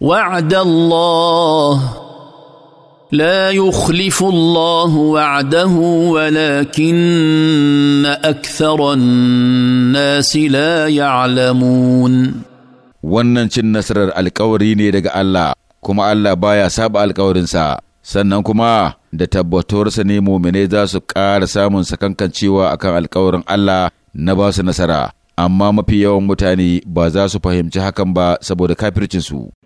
وعد الله لا يخلف الله وعده ولكن اكثر الناس لا يعلمون wannan cin nasarar alkawari ne daga Allah kuma Allah baya saba alkawarinsa sannan kuma da tabbatuwarsa ne muminai za su ƙara samun sakankancewa akan alkawarin Allah na ba su nasara amma mafi yawan mutane ba za su fahimci hakan ba saboda kafircinsu